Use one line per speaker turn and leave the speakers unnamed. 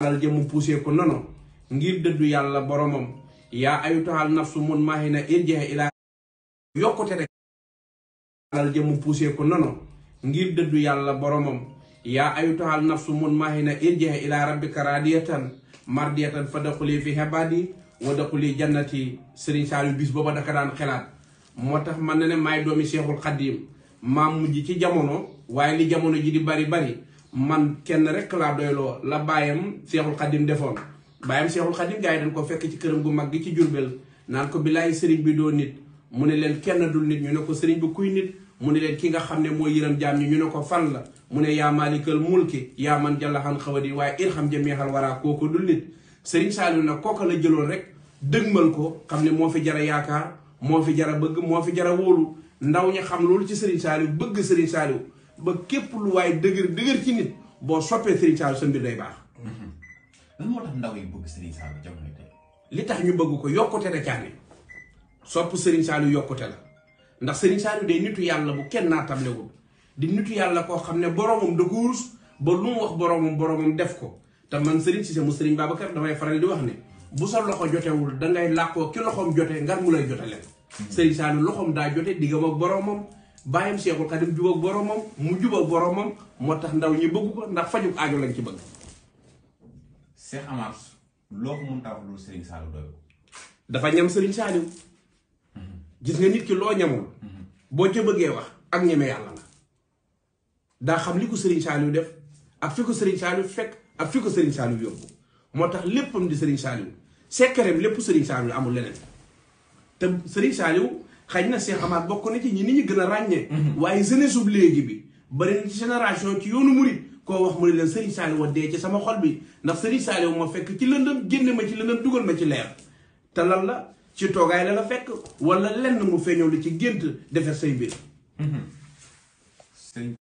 alal ja mu poussé ko nono boromam yaa ayutuhal nafsu mun mahina irjiha ila yokkute rek alal ja mu poussé yàlla boromam yaa ayutuhal nafsu mun mahina irjiha ila rabbika radiyatan mardiyatan fa daxuli fi xebaadi wa daxuli jannati sëriñ Saliou bis booba daka daan xelaat moo tax man na ne maay doomi Seexul Xaddiim maam mujj ci jamono waaye li jamono ji di bari bari man kenn rek laa doyloo la baayam seexul xadim defoon baayam seexul xadim gars yi dañ ko fekk ci këram gu mag gi ci jurbel naan ko bilaay sëriñ bi doo nit mu ne leen kenn dul nit ñu ne ko sëriñ bu kuy nit mu ne leen ki nga xam ne mooy yëram jaam ñi ñu ne ko fan la mu ne yaa maalikal mulki yaa man jallaxan xawadi waaye irham jameexal waraa kooku dul nit sëriñ Saliou nag kooka la jëlool rek dëgmal ko xam ne moo fi jara yaakaar moo fi jara bëgg moo fi jara wóolu ndaw ñi xam loolu ci sëriñ Saliou bëgg sëriñ Saliou ba képp lu waaye dëgër dëgër ci nit boo soppee Serigne Saliou sa mbir day baax. lan moo yi bëgg Serigne li tax ñu bëgg ko yokkute da caa ne sopp Serigne Saliou yokkute la ndax Serigne Saliou day nitu yàlla bu kenn naa di nitu yàlla koo xam ne boromam da ko wurus ba lu mu def ko te man Serigne Cissé mu Serigne Babacar damay faral di wax ne bu sa loxo jotewul da ngay làqoo ki loxoom jote mu lay jote leen. Hmm. Serigne daa jote diggam ak boromam. bàyyam Seexul Xadim jubal boromam mu jubal boromam moo tax ndaw ñi bëgg ko ndax fajug aajo lañ ci bëgg. Cheikh Amar loo ko mën a wax Serigne Saliou doy dafa ñam Serigne Saliou gis nga loo ñamul. boo ca bëggee wax ak ñeme yàlla la. xam li ko Serigne Saliou def ak fi ko Serigne Saliou fekk ak fi ko Serigne Saliou yóbbu moo tax léppam di Serigne Saliou sekkereem lépp Serigne Saliou amul leneen te xëy na Cheikh Amath bokk na ci ñi ni ñi gën a ràññee mhm. waaye jeunesse bu léegi bi bari na ci génération ci yoonu murit koo wax mu ne leen Serigne Saliou wa dee ci sama xol bi ndax Serigne Saliou ma fekk ci lëndëm génne ma ci lëndëm dugal ma ci leer te lan la ci toogaay la la fekk wala lenn mu feeñoo li ci gént defe say mbir mhm.